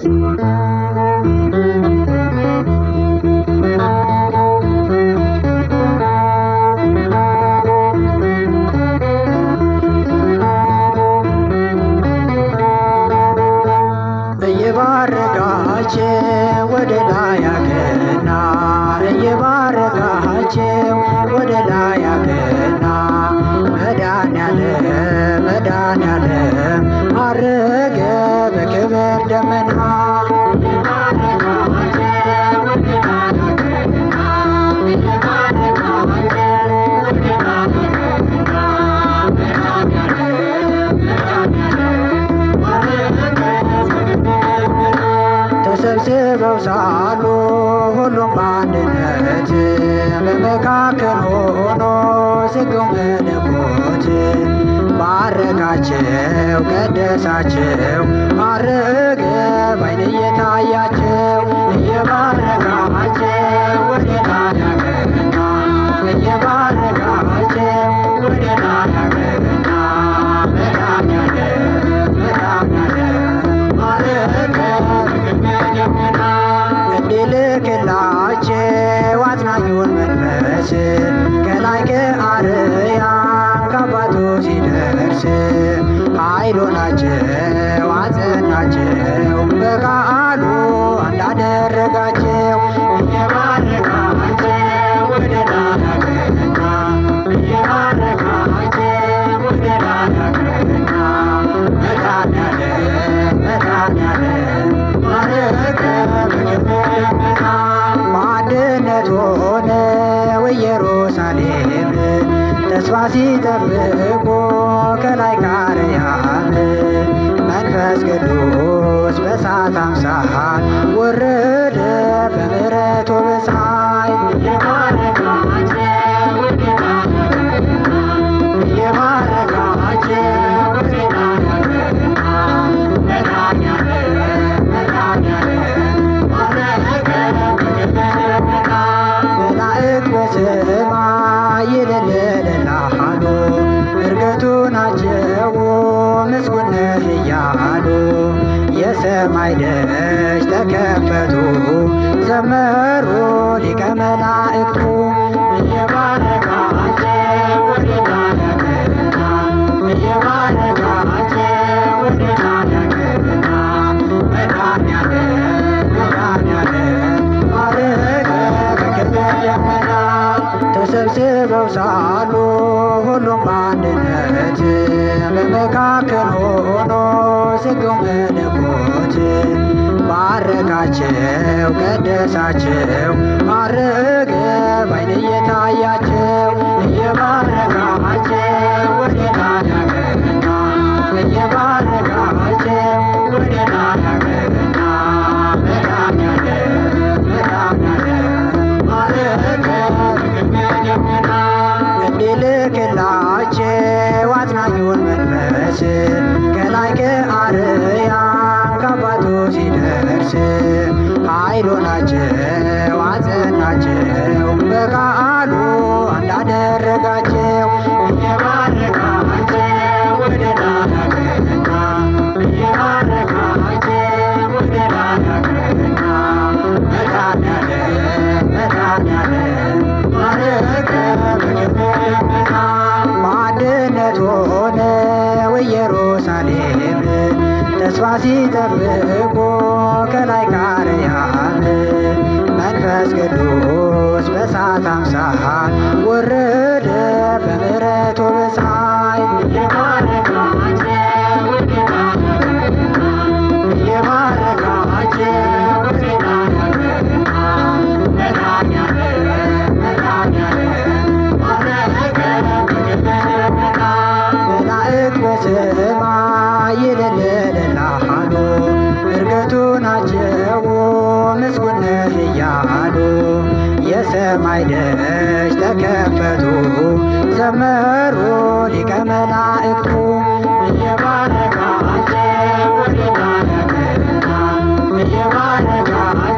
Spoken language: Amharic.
Thank you. ተሰብስበው ሳሉ ሁሉም በአንድነት በመካከል ሆኖ ስግው መለኮት ባረካቸው፣ ቀደሳቸው፣ አረገ ባይን እየታያቸው አስባቸው አጽናኙን መንፈስ ከላይ ከአርያም ከአባቱ ሲደርስ ኃይሉ ናቸው አጸናቸው በቃሉ እንዳደረጋቸው ሲጠብቆ ከላይ ቃል ሰማይ ደጅ ተከፈቱ፣ ዘመሩ ሊቀ መላእክቱ ተሰብስበው ሳሉ ሁሉም በአንድነት በመካከል ሆኖ ስግው በእውነት ባረካቸው፣ ቀደሳቸው፣ አረገ ባይን እየታያቸው እየባረካቸው ወደ ናዳ ገና እየባረካቸው ወደ ናዳ ገና በጣም ያለ በጣም ያለ አረገ ግምገና እንዲልክላቸው አጽናኙን መንፈስ ኃይሉ ናቸው አጽናቸው በቃሉ እንዳደረጋቸው ማድነት ሆነ ኢየሩሳሌም ተስፋ ሲጠብቁ ከላይ ቅዱስ በእሳት አምሳል ወረደ በምሕረቱ በፀሐይ መላእክት የሰማይ ደጅ ተከፈቱ፣ ዘመሩ ሊቀ መላእክቱ እየባረካቸው ወደ ባረከና እየባረካቸው